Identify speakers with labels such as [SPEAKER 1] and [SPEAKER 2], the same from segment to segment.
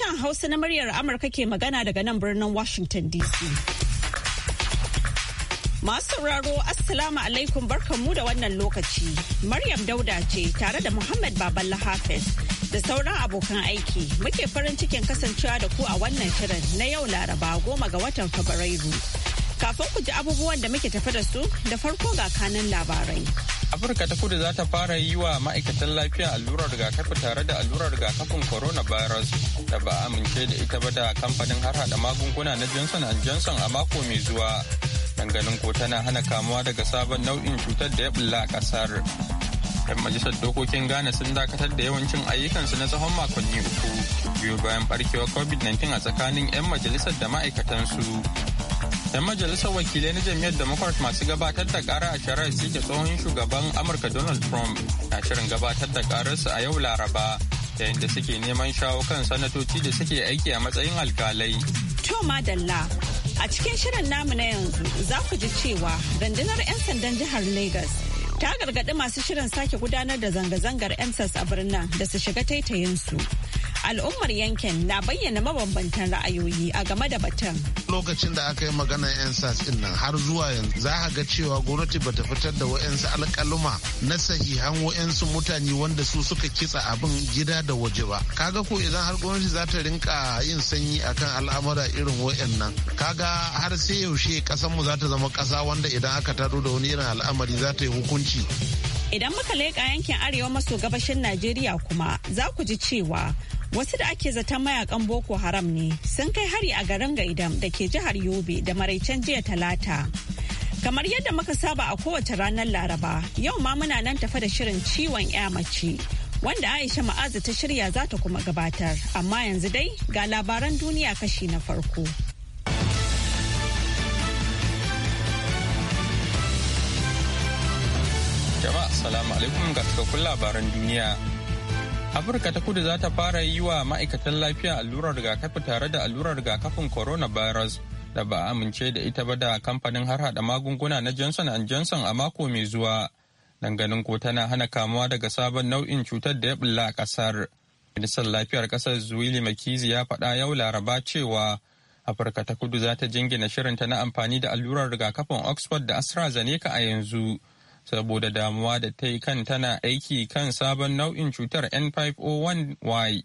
[SPEAKER 1] Sashen Hausa na muryar Amurka ke magana daga nan birnin Washington DC. Masu sauraro Assalamu alaikum barkanmu da wannan lokaci. Maryam Dauda ce tare da Muhammad Baballa Hafiz da sauran abokan aiki muke farin cikin kasancewa da ku a wannan shirin na yau Laraba goma ga watan Fabrairu. Kafin ku ji abubuwan da muke tafi da su da farko ga kanan labarai.
[SPEAKER 2] Afirka ta kudu za ta fara yi wa ma'aikatan lafiya allurar rigakafi tare da allurar rigakafin coronavirus da ba amince da ita ba da kamfanin har hada magunguna na Johnson Johnson a mako mai zuwa. ganin ko tana hana kamuwa daga sabon nau'in cutar da ya bulla a kasar. Yan majalisar dokokin Ghana sun dakatar da yawancin ayyukansu na tsawon makonni uku biyu bayan barkewar COVID-19 a tsakanin 'yan majalisar da ma'aikatansu. 'yan majalisar wakilai na jam'iyyar democrat masu gabatar da kara a shari'ar suke tsohon shugaban amurka donald trump na shirin gabatar da su a yau laraba yayin da suke neman shawo kan sanatoci da suke aiki a matsayin alkalai
[SPEAKER 1] to dalla a cikin shirin namu na yanzu za ku ji cewa rundunar 'yan sandan jihar legas ta gargaɗi masu shirin sake gudanar da zanga-zangar emsas a birnin da su shiga taitayinsu. su al'ummar yankin na bayyana mabambantan ra'ayoyi a game da batun.
[SPEAKER 3] Lokacin da aka yi magana 'yan sas din nan har zuwa yanzu za a ga cewa gwamnati ba ta fitar da wa'yansu alƙaluma na sahihan wa'yansu mutane wanda su suka kitsa abin gida da waje ba. Kaga ko idan har gwamnati za ta rinka yin sanyi akan al'amura irin wa'yannan. Kaga har sai yaushe ƙasarmu za ta zama ƙasa wanda idan aka taro da wani irin al'amari za ta yi hukunci.
[SPEAKER 1] Idan muka leƙa yankin arewa maso gabashin Najeriya kuma za ku ji cewa Wasu da ake zaton mayakan Boko Haram ne sun kai hari a garin Gaidam da ke jihar Yobe da maraicen jiya talata. Kamar yadda muka saba a kowace ranar Laraba, yau ma muna nan tafa da shirin ciwon 'ya mace. Wanda Aisha ma'aza ta shirya za ta kuma gabatar, amma yanzu dai ga labaran duniya kashi na farko.
[SPEAKER 2] Jama'a, salamu alaikum ga cikakkun labaran duniya. Afirka ta kudu za ta fara yi wa ma'aikatan lafiya allurar rigakafi tare da allurar rigakafin coronavirus da ba amince da ita ba da kamfanin har hada magunguna na Johnson Johnson a mako mai zuwa. Danganin ko tana hana kamuwa daga sabon nau'in cutar da ya bulla a kasar. Ministan lafiyar kasar Zuwili Makizi ya faɗa yau Laraba cewa Afirka ta kudu za ta jingina shirinta na amfani da allurar rigakafin Oxford da AstraZeneca a yanzu saboda damuwa da ta yi kan tana aiki kan sabon nau'in cutar N501Y.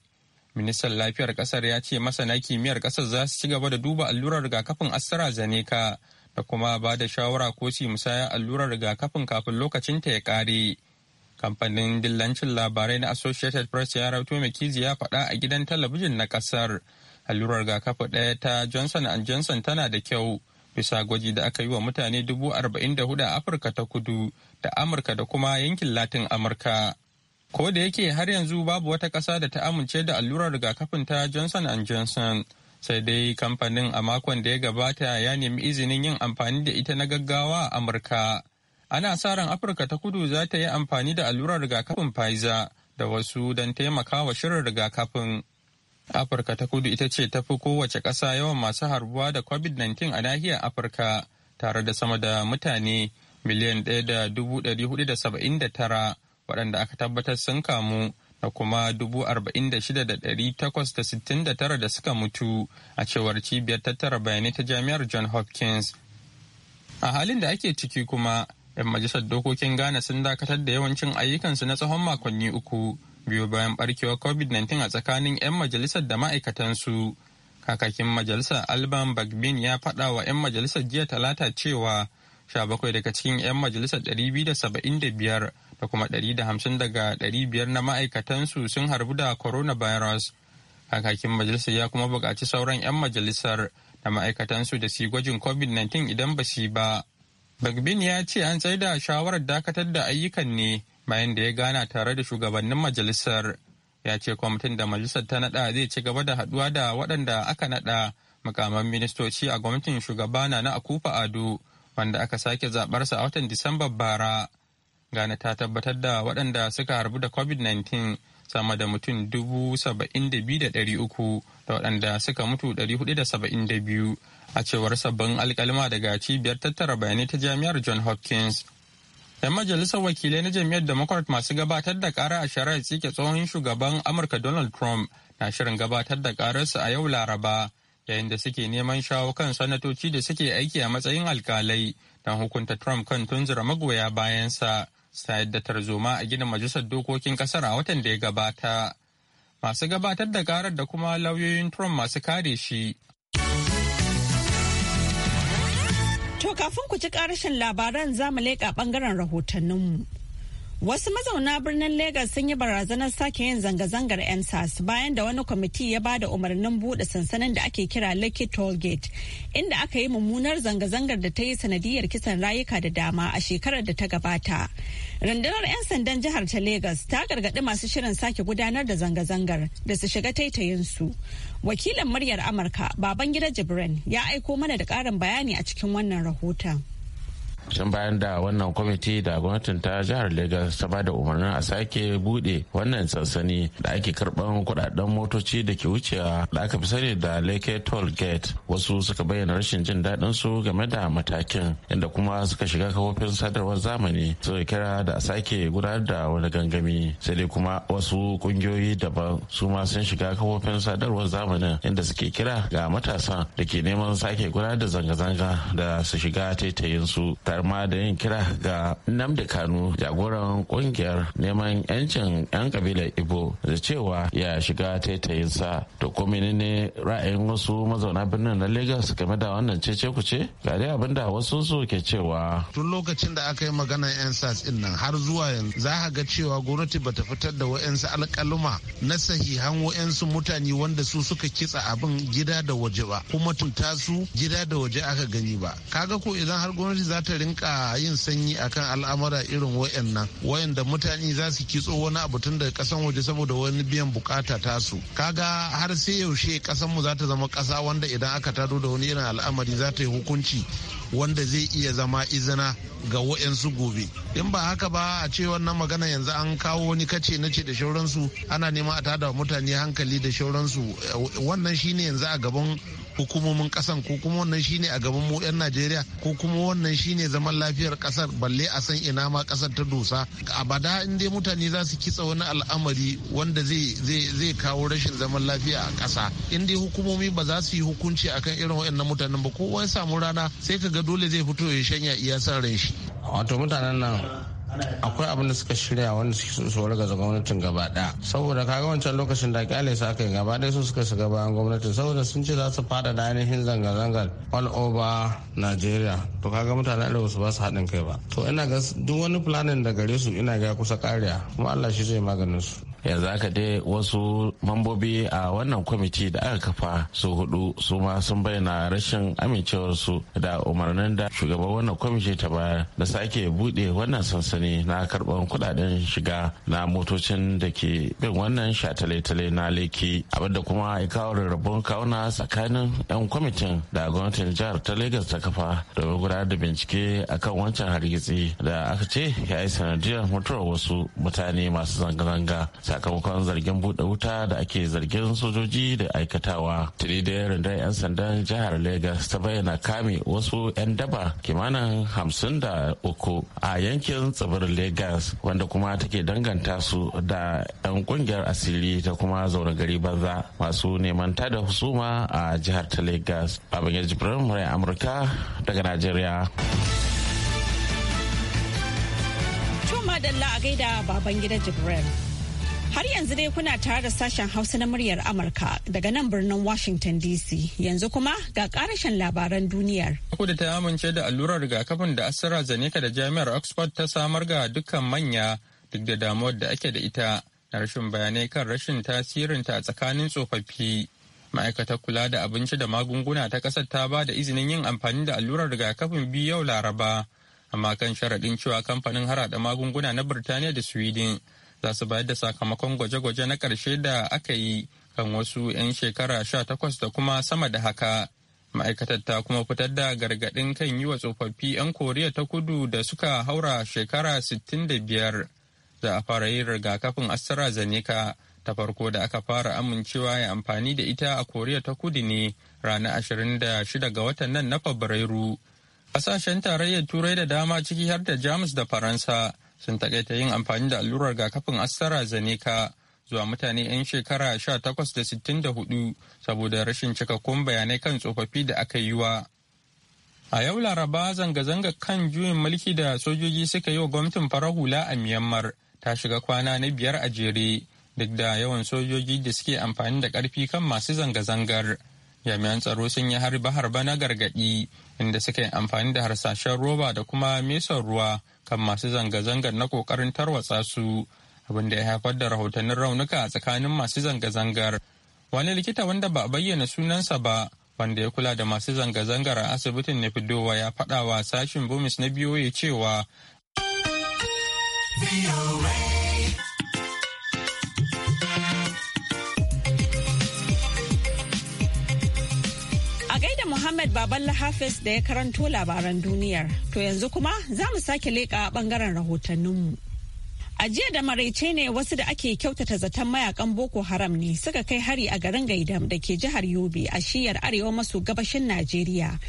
[SPEAKER 2] Ministan lafiyar kasar ya ce masana kimiyyar kasar za su ci gaba da duba allurar rigakafin AstraZeneca da kuma ba da shawara ko si musaya allurar rigakafin kafin lokacin ta ya kare. Kamfanin dillancin labarai na Associated Press ya rauto McKinsey ya faɗa a gidan talabijin na kasar. Allurar rigakafi ɗaya ta Johnson Johnson tana da kyau. bisa gwaji da aka yi wa mutane dubu arba'in da hudu a afirka ta kudu da amurka da kuma yankin latin amurka ko da yake har yanzu babu wata ƙasa da ta amince da allurar rigakafin ta johnson and johnson sai dai kamfanin a makon da ya gabata ya nemi izinin yin amfani da ita na gaggawa a amurka ana sa ran afirka ta kudu za ta yi amfani da allurar rigakafin pfizer da wasu don taimakawa shirin rigakafin Afirka ta kudu ita ce ta fi kowace ƙasa yawan masu harbuwa da COVID-19 a nahiyar Afirka tare da sama da mutane miliyan ɗaya da dubu waɗanda aka tabbatar sun kamu da kuma dubu da sittin da tara da suka mutu a cewar cibiyar tattara bayanai ta jami'ar John Hopkins. A halin da ake ciki kuma, 'yan majalisar dokokin Ghana sun dakatar da yawancin ayyukansu na tsawon makonni uku biyo bayan barkewar covid-19 a tsakanin 'yan majalisar da ma'aikatansu kakakin majalisar alban bagbin ya faɗa wa 'yan majalisar jiya talata cewa 17 daga cikin 'yan majalisar 275 da kuma 150 daga 500 na ma'aikatansu sun harbu da coronavirus kakakin majalisar ya kuma buƙaci sauran 'yan majalisar da ma'aikatansu da su gwajin covid-19 idan ba su ba bagbin ya ce an tsaye da shawarar dakatar da ayyukan ne bayan da ya gana tare da shugabannin majalisar ya ce kwamitin da majalisar ta nada zai ci gaba da haduwa da waɗanda aka nada makaman ministoci a gwamnatin shugaba na akufa ado wanda aka sake zabarsa a watan disamba bara gana ta tabbatar da waɗanda suka harbu da covid-19 sama da mutum dubu saba'in da biyu da ɗari uku da waɗanda suka mutu ɗari hudu da saba'in da biyu a cewar sabbin alkalima daga cibiyar tattara bayanai ta jami'ar john hopkins 'Yan majalisar wakilai na jam'iyyar Democrat masu gabatar da kara a shari'ar tsike tsohon shugaban Amurka Donald Trump na shirin gabatar da su a yau Laraba yayin da suke neman shawo kan sanatoci da suke aiki a matsayin alkalai don hukunta Trump kan tunzura magoya bayansa sayar da tarzoma a gidan majalisar dokokin kasar a watan da ya gabata. Masu gabatar da karar da kuma lauyoyin Trump masu kare shi
[SPEAKER 1] To kafin ku ci ƙarashin labaran zamu mu leƙa ɓangaren rahotanninmu. Wasu mazauna birnin Legas sun yi barazanar sake yin zanga-zangar 'yan bayan da wani kwamiti ya ba da umarnin buɗe sansanin da ake kira Lekki Tollgate, inda aka yi mummunar zanga-zangar da ta yi sanadiyar kisan rayuka da dama a shekarar da ta gabata. Rundunar 'yan sandan jihar ta Legas ta gargaɗi masu shirin sake gudanar da zanga-zangar da su shiga taitayinsu. Wakilin muryar Amurka, Babangida Jibrin, ya aiko mana da ƙarin bayani a cikin wannan rahoton.
[SPEAKER 4] sun bayan da wannan kwamiti da gwamnatin ta jihar Legas ta bada umarnin a sake bude wannan sansani da ake karban kudaden motoci da ke wucewa da aka fi sani da lake toll gate wasu suka bayyana rashin jin daɗin su game da matakin inda kuma suka shiga kafofin sadarwar zamani suka kira da a sake gudanar da wani gangami sai dai kuma wasu kungiyoyi daban su ma sun shiga kafofin sadarwar zamanin inda suke kira ga matasan da ke neman sake gudanar da zanga-zanga da su shiga taitayin su har ma da yin kira ga Nnamdi Kanu jagoran kungiyar neman yancin 'yan kabilar Ibo da cewa ya shiga taitayinsa to ko ne ra'ayin wasu mazauna birnin na Lagos game da wannan cece kuce ga dai abin da wasu su ke cewa.
[SPEAKER 3] Tun lokacin da aka yi magana 'yan sas din nan har zuwa yanzu za ga cewa gwamnati bata fitar da wa'yansu alƙaluma na sahihan wa'yansu mutane wanda su suka kitsa abin gida da waje ba kuma tun tasu gida da waje aka gani ba. Kaga ko idan har gwamnati za ta rinka yin sanyi akan al'amura irin wayannan wayanda mutane za su kitso wani abu tun daga kasan waje saboda wani biyan bukata tasu kaga har sai yaushe kasan mu za ta zama kasa wanda idan aka tado da wani irin al'amari za ta yi hukunci wanda zai iya zama izina ga wayansu gobe in ba haka ba a ce wannan magana yanzu an kawo wani kace na ce da shauransu ana nema a tada mutane hankali da shauransu wannan shine yanzu a gaban hukumomin kasan ko kuma wannan shine a gaban mu 'yan najeriya ko kuma wannan shine zaman lafiyar kasar balle a san ina ma kasar ta dosa abada in dai mutane za su kitsa wani al'amari wanda zai kawo rashin zaman lafiya a kasa in dai hukumomi ba za su yi hukunci akan irin waɗannan mutanen ba kowa ya samu rana
[SPEAKER 4] sai ka ga dole zai fito ya shanya iya san ran shi wato mutanen nan akwai abin da suka shirya wanda suke so ga gwamnatin gaba daya saboda kaga wancan lokacin da kyale su aka yi gaba daya su suka shiga bayan gwamnatin saboda sun ce za su fada da ainihin zanga-zangar all over nigeria to kaga mutanen arewa su ba su haɗin kai ba to ina ga duk wani planning da gare su ina ga kusa kariya kuma allah shi zai maganin su yanzu aka dai wasu mambobi a wannan kwamiti da aka kafa su hudu su ma sun bayyana rashin amincewarsu da umarnin da shugaban wannan kwamiti ta bayar da sake bude wannan sansani na karban kudaden shiga na motocin da ke bin wannan shatale na leki abinda kuma ya kawo rarrabon kawuna tsakanin 'yan kwamitin da gwamnatin jihar ta lagos ta kafa domin gudanar da bincike akan wancan hargitsi da aka ce ya yi sanadiyar mutuwar wasu mutane masu zanga-zanga sakamakon zargin buɗe wuta da ake zargin sojoji da aikatawa tuni da rundunar 'yan sandan jihar Legas ta bayyana kame wasu 'yan daba kimanin hamsin da uku a yankin tsibirin lagos wanda kuma take danganta su da 'yan kungiyar asiri ta kuma zaune gari banza masu neman da husuma a jihar ta lagos babban amurka daga najeriya
[SPEAKER 1] madalla a gaida baban gida jibril Har yanzu dai kuna tare da sashen Hausa na muryar Amurka daga nan birnin Washington DC. Yanzu kuma ga karashen labaran duniyar.
[SPEAKER 2] Kuda ta amince da allurar rigakafin da AstraZeneca da Jami'ar Oxford ta samar ga dukkan manya duk da damuwar da ake da ita na rashin bayanai kan rashin tasirinta a tsakanin tsofaffi. Ma'aikatar kula da abinci da magunguna ta ƙasar ta ba da izinin yin amfani da allurar rigakafin biyu yau Laraba. Amma kan sharaɗin cewa kamfanin harada magunguna na Birtaniya da Sweden za su bayar da sakamakon gwaje-gwaje na ƙarshe da aka yi kan wasu 'yan shekara sha takwas da kuma sama da haka. Ma'aikatar ta kuma fitar da gargaɗin kan yi wa tsofaffi 'yan Koriya ta kudu da suka haura shekara sittin da biyar. Za a fara yin rigakafin AstraZeneca ta farko da aka fara amincewa ya amfani da ita a Koriya ta kudu ne rana ashirin da shida ga watan nan na Fabrairu. Ƙasashen tarayyar Turai da dama ciki har da Jamus da Faransa sun takaita yin amfani da allurar rigakafin AstraZeneca zuwa mutane 'yan shekara 18 da 64 saboda rashin cikakkun bayanai kan tsofaffi da aka yi wa. A yau Laraba zanga-zanga kan juyin mulki da sojoji suka yi wa gwamnatin farar hula a Myanmar ta shiga kwana na biyar a jere duk da yawan sojoji da suke amfani da karfi kan masu zanga-zangar. jami'an tsaro sun yi harba harba na gargaɗi inda suka yi amfani da harsashen roba da kuma mesan ruwa kan masu zanga-zangar na kokarin tarwatsa su abin da ya haifar da rahotannin raunuka a tsakanin masu zanga-zangar wani likita wanda ba a bayyana sunansa ba wanda ya kula da masu zanga-zangar a asibitin Nefidowa ya faɗa wa sashin Bomis na ya cewa.
[SPEAKER 1] Ahmed Baban Lahafis da ya karanto labaran duniyar. To yanzu kuma za mu sake leƙa ɓangaren rahotanninmu. A jiya da maraice ne wasu da ake kyautata zaton mayakan Boko Haram ne suka kai hari a garin Gaidam da ke jihar Yobe a shiyar arewa maso gabashin Najeriya.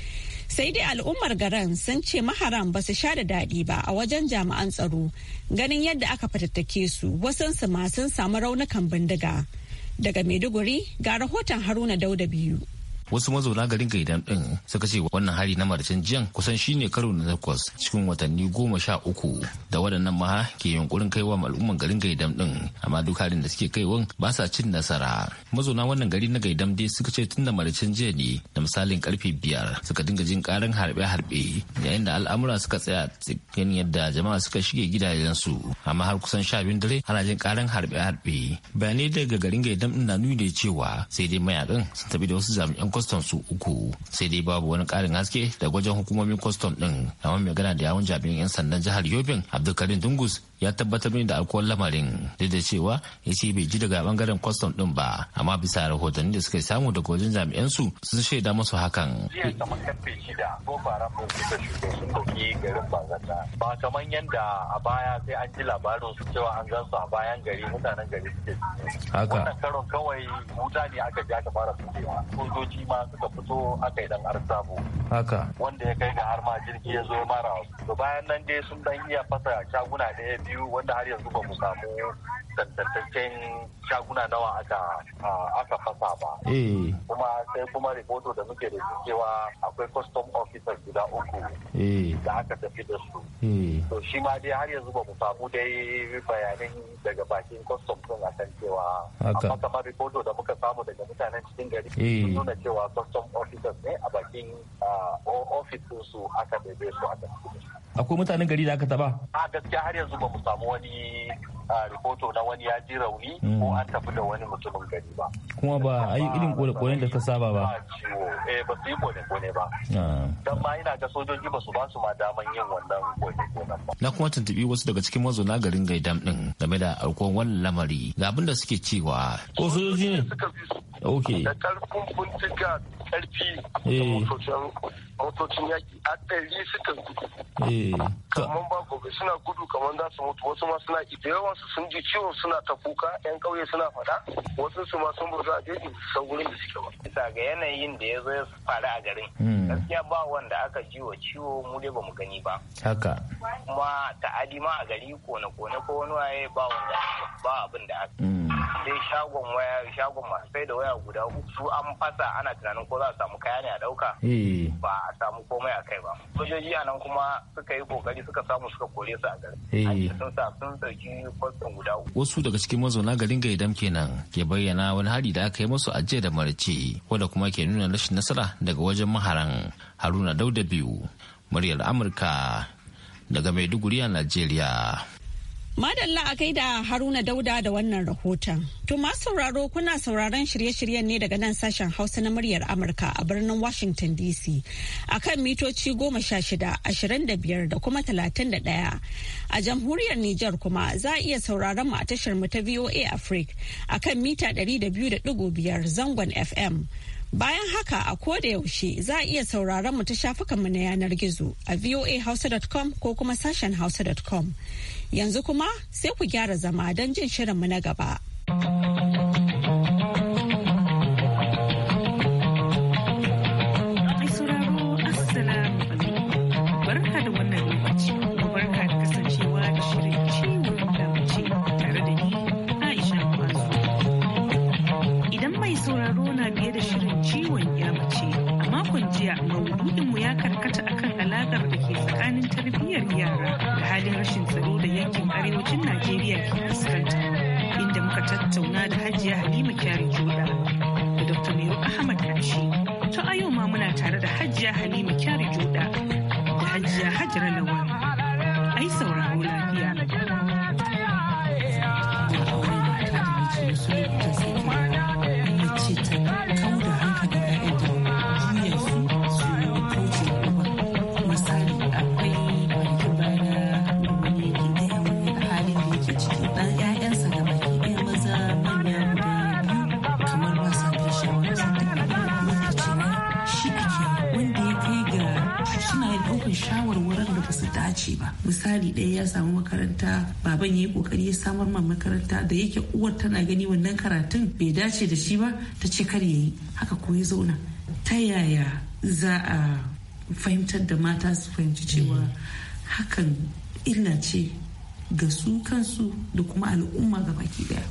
[SPEAKER 1] Sai dai al'ummar garin sun ce maharam ba su sha da daɗi ba a wajen jami'an tsaro ganin yadda aka fatattake su wasansu ma sun samu raunukan bindiga. Daga Maiduguri ga rahoton Haruna Dauda biyu.
[SPEAKER 5] wasu mazauna garin gaidan din suka ce wannan hari na marcin jiyan kusan shine karo na takwas cikin watanni goma sha uku da waɗannan maha ke yunkurin kaiwa al'umman garin gaidam din amma duk harin da suke kaiwan ba sa cin nasara mazauna wannan gari na gaidam dai suka ce tun da marcin jiya ne da misalin karfe biyar suka dinga jin karin harbe-harbe yayin da al'amura suka tsaya cikin yadda jama'a suka shige gidajensu amma har kusan sha biyun dare ana jin karin harbe-harbe bayanai daga garin gaidam din na nuni da cewa sai dai mayakan sun tafi da wasu jami'an kwastam su uku sai dai babu wani karin haske daga wajen hukumomin kwastam din kamar mai gana da yawon jami'in 'yan sandan jihar yobin abdulkarim dungus ya tabbatar ne da alkuwar lamarin duk da cewa ya ce bai ji daga bangaren kwastam din ba amma bisa rahotanni da suka samu daga wajen jami'an su sun shaida musu hakan. jiya kamar karfe shida ko fara mun suka shigo sun dauki garin bazata ba kamar a baya sai an ji labarin su cewa an gan su a bayan gari mutanen gari suke haka wannan
[SPEAKER 4] karon kawai
[SPEAKER 5] wuta
[SPEAKER 2] ne aka ji aka fara fitewa
[SPEAKER 5] sojoji ma suka fito aka yi dan arsabu haka wanda ya kai ga har ma jirgi ya zo mara bayan nan dai sun dan iya fasa shaguna da biyu wanda har yanzu ba mu samu tantancen shaguna nawa aka aka fasa ba eh. kuma sai kuma ripoto da muke da cewa akwai custom officers guda uku eh. da aka tafi da su eh. to shi ma dai har yanzu ba mu samu dai bayanin daga bakin custom din kan cewa amma kamar ripoto da muka samu daga mutanen cikin gari sun nuna cewa custom officers ne a
[SPEAKER 6] bakin office
[SPEAKER 5] su aka bebe su a tafi su akwai mutanen gari da aka taba a gaskiya har yanzu ba mu samu wani rikoto na wani ya ji rauni hmm. ko an tafi da wani mutumin gari ba kuma ba a yi irin kone-konen da ka saba ba eh ba su yi kone-kone ba ah. don ma ina ga sojoji ba su ba su ma daman yin wannan kone ba na kuma tuntubi wasu daga cikin mazauna garin gaidam din game da aukuwan wannan lamari ga abin da suke cewa ko sojoji ne ok da karfin bintika karfi eh. da motocin yaki a ɗari suka eh, kamar ba gobe suna gudu kamar za su mutu wasu ma suna yawan su sun ji ciwon suna ta kuka yan ƙauye suna fada wasu su ma sun burza a jeji san da suke ba bisa ga yanayin da ya zo ya faru a garin hmm. gaskiya ba wanda aka ji wa ciwo mu dai bamu gani ba haka kuma ta'adi ma a gari kone kone ko wani waye ba wanda ba abin da aka hmm. sai shagon waya shagon masu sai da waya guda su an fasa ana tunanin ko ko za a samu kaya ne a ɗauka eh. ba a samu komai a kai ba sojoji a nan kuma suka yi kokari suka samu suka kore su a gari eh. sun sa sun dauki kwastan guda wasu daga cikin mazauna garin gaidam kenan ke bayyana wani hari da aka yi musu a jiya da marci wanda kuma ke nuna rashin nasara daga wajen maharan haruna dauda biyu muryar amurka daga maiduguri a najeriya
[SPEAKER 1] Madalla a da Haruna Dauda da wannan rahoton. To masu sauraro kuna sauraron shirye-shiryen ne daga nan sashen Hausa na muryar Amurka a birnin Washington DC a kan mitoci goma sha shida, ashirin da biyar da kuma talatin da ɗaya. A jamhuriyar Nijar kuma za a iya sauraron mu a tashar mu ta VOA Africa a kan mita ɗari da biyu da ɗigo biyar zangon FM. Bayan haka a koda yaushe za a iya sauraron mu ta shafukanmu na yanar gizo a voahausa.com ko kuma sashen hausa.com. Yanzu kuma sai ku gyara zama don jin shirinmu na gaba.
[SPEAKER 6] Barka da dace ba misali ɗaya ya samu makaranta baban ya yi kokari ya samar ma makaranta da yake uwar tana gani wannan karatun bai dace da shi ba ta ce kar yayi haka ko ya zauna ta yaya za a fahimtar da mata su fahimci cewa hakan illa ce ga su kansu da kuma al'umma ga baki daya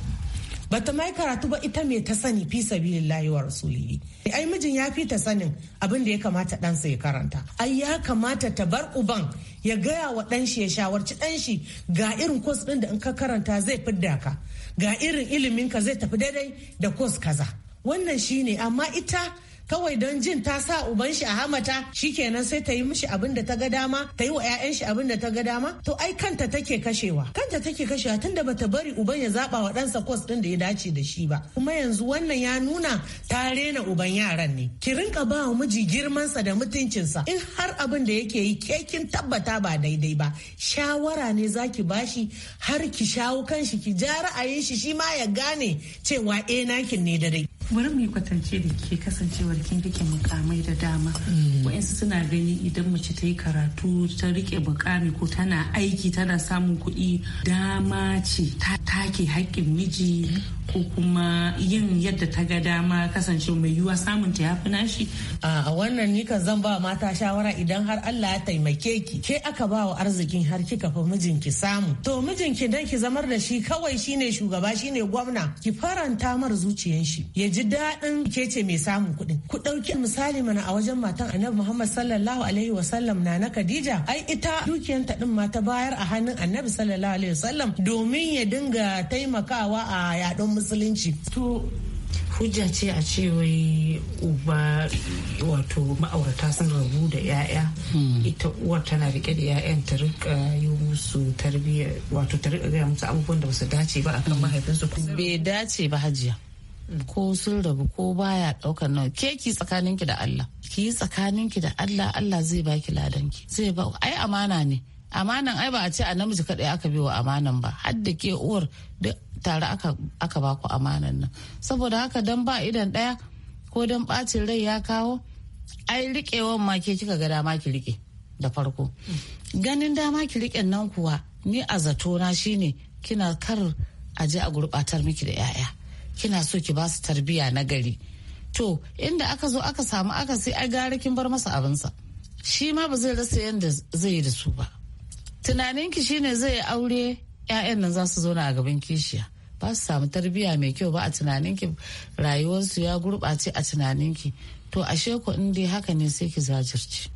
[SPEAKER 6] bata mai karatu ba ita mai ta sani fi sabilillahi
[SPEAKER 7] wa rasulihi ai mijin ya fi ta sanin abin da ya kamata ɗansa ya karanta ai ya kamata ta bar uban ya gaya wa ɗan shi ya shawarci ɗan shi ga irin kwas ɗin da in ka karanta zai fidda ka ga irin ilimin ka zai tafi daidai da kwas kaza wannan shine amma ita kawai don jin ta sa uban shi a hamata shikenan sai ta yi mishi abin da ta ga dama ta yi wa 'ya'yan shi abin da ta ga dama to ai kanta take kashewa kanta take kashewa tunda bata bari uban ya zaba wa ɗansa kwas ɗin da ya dace da shi ba kuma yanzu wannan ya nuna ta rena uban yaran ne ki rinka ba wa miji girmansa da mutuncinsa in har abin da yake yi kekin tabbata ba daidai ba shawara ne zaki bashi har ki shawo kanshi ki ja ra'ayin shi shi ma ya gane cewa eh nakin ne da dai
[SPEAKER 6] bari mu yi kwatance da ke kasancewar kin rike mukamai da dama mm. wa'insu suna gani idan mace ta yi karatu ta rike mukami ko tana aiki tana samun kuɗi dama ce ta take haƙƙin miji ko kuma yin yadda ta ga dama kasance mai yiwuwa samun ta yafi nashi a wannan ni kan zan ba mata shawara idan har
[SPEAKER 7] Allah ya taimake ki ke aka ba wa arzikin har kika fa mijinki samu to mijinki dan ki zamar da shi kawai shine shugaba shine gwamna ki faranta mar zuciyan shi ji daɗin ke ce mai samun kuɗi. ku ɗauki misali mana a wajen matan annabi muhammad sallallahu alaihi wasallam na na khadija ai ita dukiyanta ɗin ma ta bayar a hannun annabi sallallahu alaihi wasallam domin ya dinga taimakawa a yaɗon musulunci to hujja ce a
[SPEAKER 6] ce wai uba wato ma'aurata sun rabu da 'ya'ya hmm. ita uwar tana rike da 'ya'yan ta rika yi musu tarbiyya wato ta rika gaya musu abubuwan da basu dace ba akan mahaifinsu bai dace ba hajiya
[SPEAKER 8] ko sun rabu ko baya daukar nawa ke ki ki da Allah ki yi ki da Allah Allah zai baki ladanki zai ba ai amana ne amanan ai ba a ce a namiji kadai aka biwa amanan ba har da ke uwar duk tare aka aka baku amanan nan saboda haka dan ba idan daya ko dan bacin rai ya kawo ai riƙewan ma ke kika ga dama ki rike da farko ganin dama ki riƙe nan kuwa ni a zato na shine kina kar a je a gurɓatar miki da 'ya'ya kina so ki ba su tarbiya na gari to inda aka zo aka samu aka sai a gara kin bar masa abinsa shi ma ba zai rasa yadda zai yi da su ba tunaninki shine zai yi aure 'ya'yan nan za su na a gaban kishiya ba su samu tarbiya mai kyau ba a tunaninki rayuwarsu ya gurɓace a tunaninki to ashe ku in dai haka ne sai ki zajirce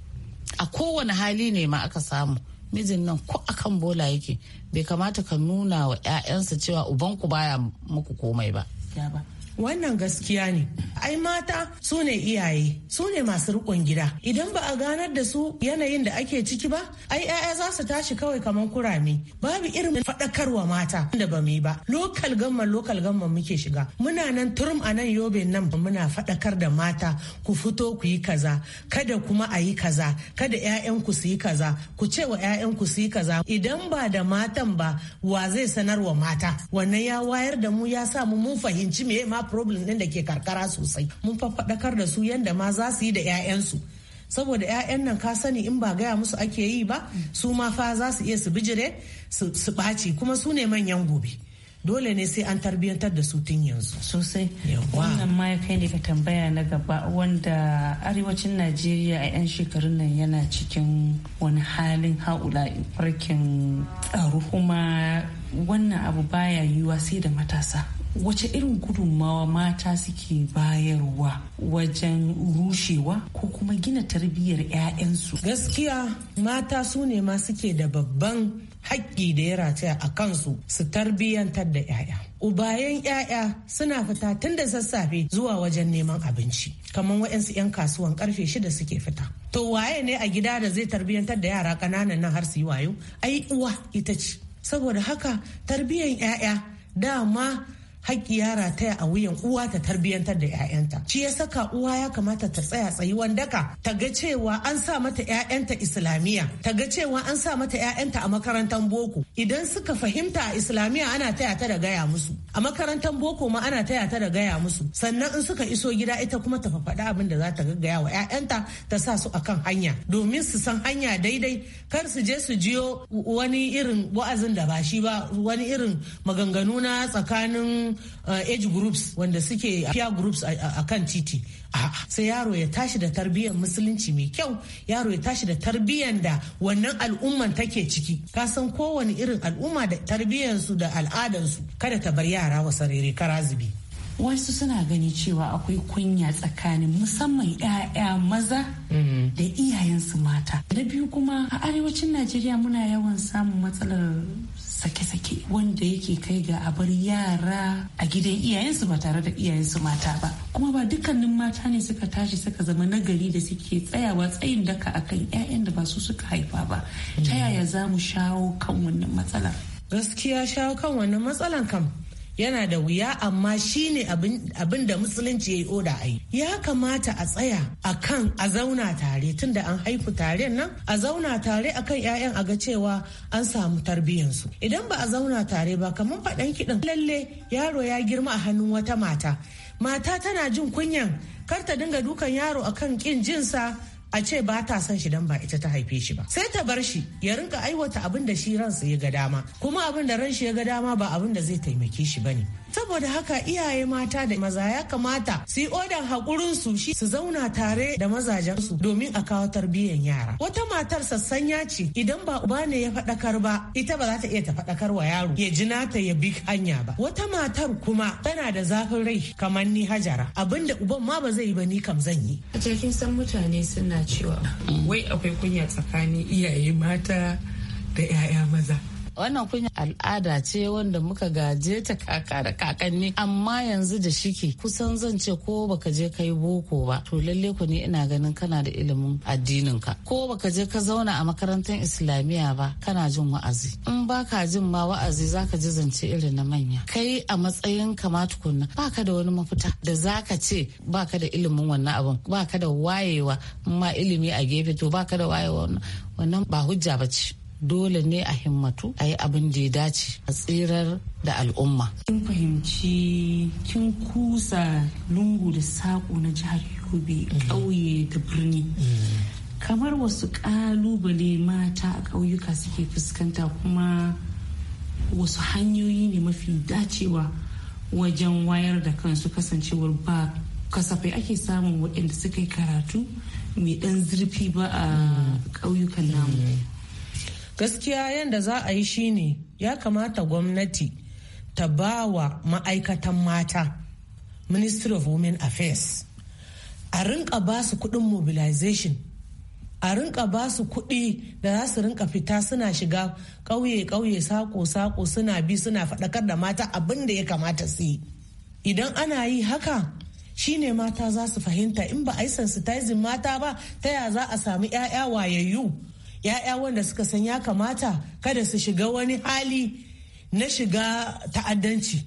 [SPEAKER 8] a kowane hali ne ma aka samu mijin nan ko a kan bola yake bai kamata ka nuna wa
[SPEAKER 7] 'ya'yansa cewa ubanku baya muku komai ba gaskiya ba wannan gaskiya ne ai mata su ne iyaye su ne masu rikon gida idan ba a ganar da su yanayin da ake ciki ba ai 'ya'ya za su tashi kawai kamar kurame babu irin faɗakarwa mata da ba mu yi ba lokal gamman lokal gamman muke shiga muna nan turum a nan yobe nan muna faɗakar da mata ku fito ku yi kaza kada kuma a yi kaza kada 'ya'yanku su yi kaza ku ce wa 'ya'yanku su yi kaza idan ba da matan ba wa zai sanar wa mata wannan ya wayar da mu ya sa mu mun fahimci me ma problem din da ke karkara sosai mun faɗakar da su yanda ma za su yi da 'ya'yansu saboda 'ya'yan nan ka sani in ba gaya musu ake yi ba su ma fa za su iya su bijire su ɓaci kuma su ne manyan
[SPEAKER 6] gobe dole ne sai an tarbiyyantar da su tun yanzu sosai wannan ma ya kai ne ka tambaya na gaba wanda arewacin najeriya a 'yan shekarun nan yana cikin wani halin haula farkin tsaro kuma wannan abu baya yiwuwa sai da matasa wace irin gudunmawa mata suke bayarwa wajen rushewa ko kuma gina tarbiyyar 'ya'yansu gaskiya
[SPEAKER 7] mata su ne ma suke da babban haƙƙi da ya rataya a kansu su tarbiyyantar da 'ya'ya. Ubayen 'ya'ya suna fita tun da sassafe zuwa wajen neman abinci, kamar wa'yansu 'yan kasuwan karfe shida suke fita. To waye ne a gida da zai tarbiyyantar da yara ƙananan nan har su yi wayo? Ai uwa ita ce. Saboda haka tarbiyyan 'ya'ya dama haƙƙi yara rataya a wuyan uwa ta tarbiyyantar da 'ya'yanta shi ya saka uwa ya kamata ta tsaya tsayi wandaka. ta ga cewa an sa mata 'ya'yanta islamiyya ta ga cewa an sa mata 'ya'yanta a makarantar boko idan suka fahimta a islamiyya ana taya ta da gaya musu a makarantar boko ma ana taya ta da gaya musu sannan in suka iso gida ita kuma ta faɗa abin da za ta gaggaya wa 'ya'yanta ta sa su akan hanya domin su san hanya daidai kar su je su jiyo wani irin wa'azin da ba shi ba wani irin maganganu na tsakanin Uh, age groups wanda suke peer groups a kan titi sai yaro ya tashi da tarbiyyar musulunci mai kyau yaro ya tashi da tarbiyyar da wannan al'umman take ciki ka san kowane irin al'umma da tarbiyyarsu da al'adarsu kada ta bar yara wasarere zubi
[SPEAKER 6] wasu suna gani cewa akwai kunya tsakanin musamman 'ya'ya maza mm-hmm. da iyayensu mata na biyu kuma a arewacin najeriya muna yawan samun matsalar sake-sake wanda yake kai ga abar yara a gidan iyayensu ba tare da iyayensu mata ba kuma ba dukkanin mata ne suka tashi suka zama nagari da suke tsayawa tsayin daka akan 'ya'yan da ba su suka haifa ba ta mm-hmm. yaya za mu shawo kan wannan matsalar gaskiya shawo kan
[SPEAKER 7] wannan matsalan kam yana da wuya amma shine abin da musulunci ya yi oda a yi ya kamata a tsaya a kan a zauna tare tunda an haifu tare nan a zauna tare akan 'ya'yan a ga cewa an samu tarbiyyansu idan ba a zauna tare ba kamar faɗan kiɗan lalle yaro ya girma a hannun wata mata mata tana jin kunyan kar ta dinga dukan yaro akan kin jinsa a ce ba ta son shi dan ba ita ta haife shi ba sai ta bar shi ya rinka aiwata abin da shi ransa ya ga dama kuma abin da ran shi ya ga dama ba abin da zai taimake shi bane saboda haka iyaye mata da maza ya kamata su yi odan hakurin su shi su zauna tare da mazajen su domin a kawo tarbiyyar yara wata matar sassanya ce idan ba uba ne ya faɗakar ba ita ba za ta iya ta faɗakar wa yaro ya ji nata ya bi hanya ba wata matar kuma tana da zafin rai kamar ni hajara Abin da uban ma ba zai yi ba ni kam zan yi a cikin san mutane suna cewa
[SPEAKER 6] wai akwai kunya tsakanin iyaye mata da 'ya'ya maza
[SPEAKER 8] wannan kunya al'ada ce wanda muka gaje ta kaka da kakanni amma yanzu da shike kusan zan ce ko baka je kai boko ba to lalle ku ne ina ganin kana da ilimin addinin ka ko baka je ka zauna a makarantar islamiyya ba kana jin wa'azi in baka jin ma wa'azi zaka ji zance irin na manya kai a matsayin kama tukunna baka da wani mafita da zaka ce baka da ilimin wannan abin baka da wayewa ma ilimi a gefe to baka da wayewa wannan ba hujja ba ce dole ne a himmatu a yi abin da ya dace a tsirar
[SPEAKER 6] da al'umma. Kin fahimci kin kusa lungu da saƙo na jihar Yobe mm. ƙauye da birni. Mm. Kamar wasu ƙalubale mata a ƙauyuka suke fuskanta kuma wasu hanyoyi ne mafi dacewa wajen wayar da kansu kasancewar ba kasafai ake samun waɗanda suka yi karatu mai ɗan zurfi ba a mm. ƙauyukan namu. gaskiya yadda za a yi shine ya kamata gwamnati
[SPEAKER 7] ta ba wa ma'aikatan mata ministry of women affairs a rinka ba su kudin mobilization a rinka ba su kuɗi da za su rinka fita suna shiga ƙauye-ƙauye sako-sako suna bi suna faɗakar da mata abin da ya kamata su yi idan ana yi haka shine mata za su fahimta in ba a yi sensitizing mata ba ta ya za a samu 'ya'ya wayayyu 'ya'ya wanda suka san ya kamata kada su shiga wani hali na shiga ta'addanci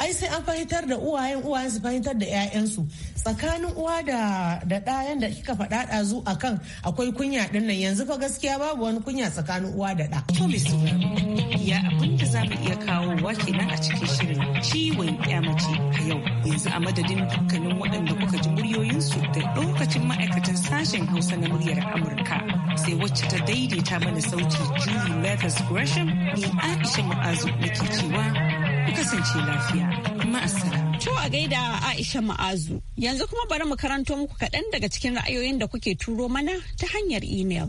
[SPEAKER 7] ai sai an fahimtar da uwayen uwayen su fahimtar da 'ya'yansu tsakanin uwa da da ɗayan da kika faɗa ɗazu a kan akwai kunya ɗin nan yanzu fa gaskiya babu wani kunya
[SPEAKER 6] tsakanin uwa da ɗa. To ya abin da za mu iya kawo wa kenan a cikin shirin ciwon ya mace a yau yanzu a madadin dukkanin waɗanda kuka ji su da lokacin ma'aikatan sashen hausa na muryar amurka sai wacce ta daidaita mana sauti julie mathers gresham ni aisha mu'azu nake cewa Ku kasance lafiya. ma'asara.
[SPEAKER 1] a gaida Aisha Ma'azu. Yanzu kuma bari mu karanto muku kaɗan daga cikin ra'ayoyin da kuke turo mana ta hanyar email.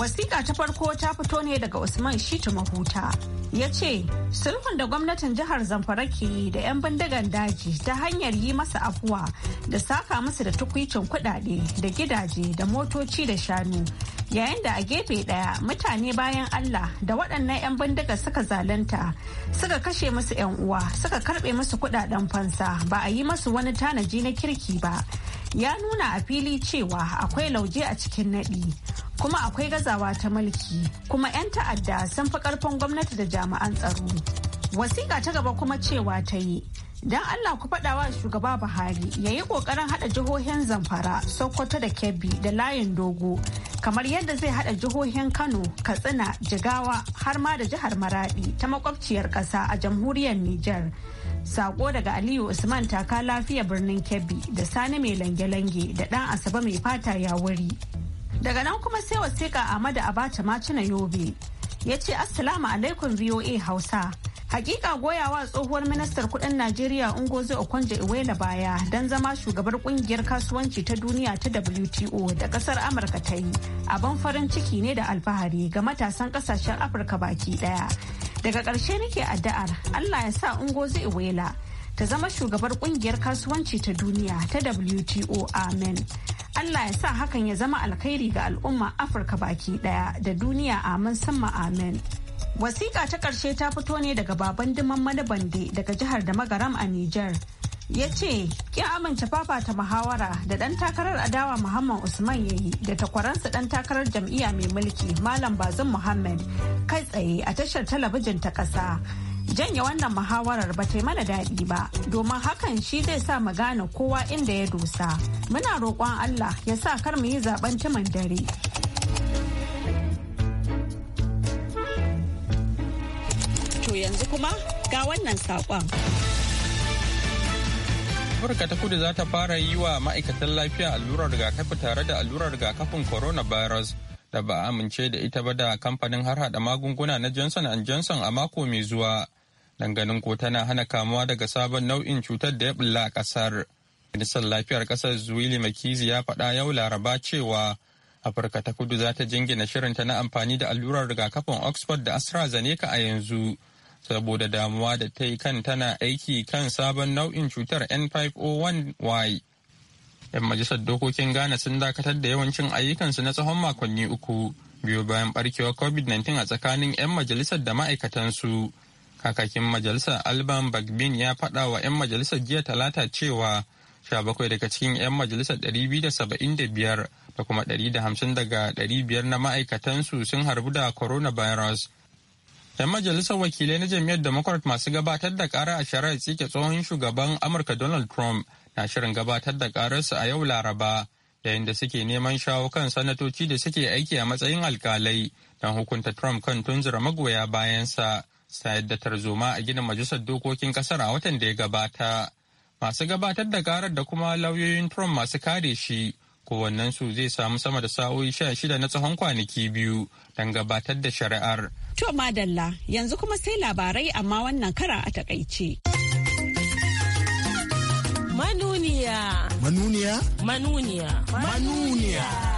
[SPEAKER 1] Wasiƙa ta farko ta fito ne daga Usman Shitu Mahuta. Ya ce, sulhun da gwamnatin jihar Zamfara ke da 'yan bindigan daji ta hanyar yi masa afuwa da saka musu da tukwicin kudade da gidaje da motoci da shanu yayin da a gefe ɗaya mutane bayan Allah da waɗannan 'yan bindiga suka zalunta suka kashe musu 'yan uwa suka karɓe musu kuɗaɗen fansa ba a yi masu wani tanaji na kirki ba ya nuna a fili cewa akwai lauje a cikin naɗi kuma akwai gazawa ta mulki kuma 'yan ta'adda sun fi ƙarfin gwamnati da jami'an tsaro. wasiƙa ta gaba kuma cewa ta yi don allah ku faɗawa shugaba buhari ya yi ƙoƙarin haɗa jihohin zamfara sokoto da kebbi da layin dogo kamar yadda zai haɗa jihohin kano katsina jigawa har ma da jihar maradi ta makwabciyar ƙasa a jamhuriyar Nijar sako daga aliyu usman taka lafiya birnin kebbi da sani mai lange-lange da ɗan asabe mai fata ya wuri daga nan kuma sai wasiƙa amadu abacha macina yobe ya ce assalamu alaikum voa hausa Hakika goyawa tsohuwar ministar kudin Najeriya Ungozi Okonjo Iweala baya don zama shugabar kungiyar kasuwanci ta duniya ta WTO da kasar Amurka ta yi abin farin ciki ne da alfahari ga matasan kasashen Afirka baki daya. Daga ƙarshe nake addu'ar Allah ya sa Ungozi Iweala ta zama shugabar kungiyar kasuwanci ta duniya ta WTO Amen. Allah ya sa hakan ya zama alkhairi ga al'umma Afirka baki daya da duniya amin samma amen. Wasiƙa ta ƙarshe ta fito ne daga baban diman manabande daga jihar da magaram a Nijar. ya ce kin amince ta muhawara da ɗan takarar adawa muhammad usman ya yi da takwaransa ɗan takarar jam'iyya mai mulki malam bazin muhammad kai tsaye a tashar talabijin ta ƙasa janye wannan muhawarar ba ta yi mana daɗi ba domin hakan shi zai sa mu gane kowa inda ya dosa muna roƙon allah ya sa kar mu yi zaben timan dare yanzu kuma ga wannan saƙon.
[SPEAKER 2] Amurka ta kudu za ta fara yi wa ma'aikatan lafiya allurar rigakafi tare da allurar rigakafin coronavirus da ba amince da ita ba da kamfanin har hada magunguna na Johnson Johnson a mako mai zuwa. Danganin ko tana hana kamuwa daga sabon nau'in cutar da ya bulla a kasar. Ministan lafiyar kasar Zuwili Makizi ya faɗa yau Laraba cewa Afirka ta kudu za ta jingina shirinta na amfani da allurar rigakafin Oxford da AstraZeneca a yanzu saboda damuwa da ta yi kan tana aiki kan sabon nau'in cutar N501Y. 'Yan majalisar dokokin Ghana sun dakatar da yawancin ayyukansu na tsawon makonni uku biyu bayan barkewar COVID-19 a tsakanin 'yan majalisar da ma'aikatansu. Kakakin majalisar Alban Bagbin ya faɗa wa 'yan majalisar jiya talata cewa sha bakwai daga cikin 'yan majalisar 275 da kuma 150 daga 500 na ma'aikatansu sun harbu da coronavirus. 'Yan majalisar wakilai na jam'iyyar Democrat masu gabatar da kara a shari'ar tsike tsohon shugaban Amurka Donald Trump na shirin gabatar da kararsu a yau Laraba yayin da suke neman shawo kan sanatoci da suke aiki a matsayin alkalai don hukunta Trump kan tunzura magoya bayansa sa da tarzoma a gina majalisar dokokin kasar a watan da ya gabata. Masu gabatar da karar da kuma lauyoyin Trump masu kare shi kowannensu zai samu sama da sa'o'i sha shida na tsawon kwanaki biyu don gabatar da shari'ar
[SPEAKER 1] To madalla yanzu kuma sai labarai amma wannan kara a takaice. Manuniya. Manuniya?
[SPEAKER 7] Manuniya. Manuniya.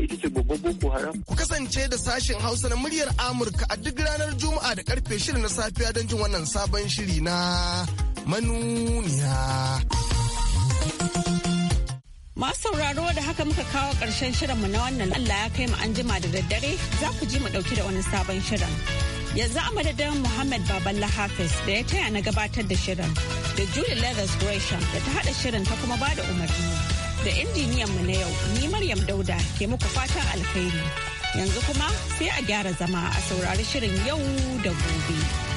[SPEAKER 5] ita ce babban boko haram. Ku
[SPEAKER 2] kasance da
[SPEAKER 3] sashen Hausa na muryar Amurka a duk ranar Juma'a da karfe shirin na safiya don jin wannan sabon shiri
[SPEAKER 1] na manuniya. Masu sauraro da haka muka kawo ƙarshen mu na wannan Allah ya kai mu an jima da daddare za ku ji mu ɗauki da wani sabon shirin. Yanzu a madadin Muhammad Baballa Hafiz da ya taya na gabatar da shirin da Julie Leathers Gresham da ta haɗa shirin ta kuma ba da umarni. da injiniyan mu na yau ni Maryam Dauda ke muku fatan alkhairi. Yanzu kuma sai a gyara zama a saurari shirin yau da gobe.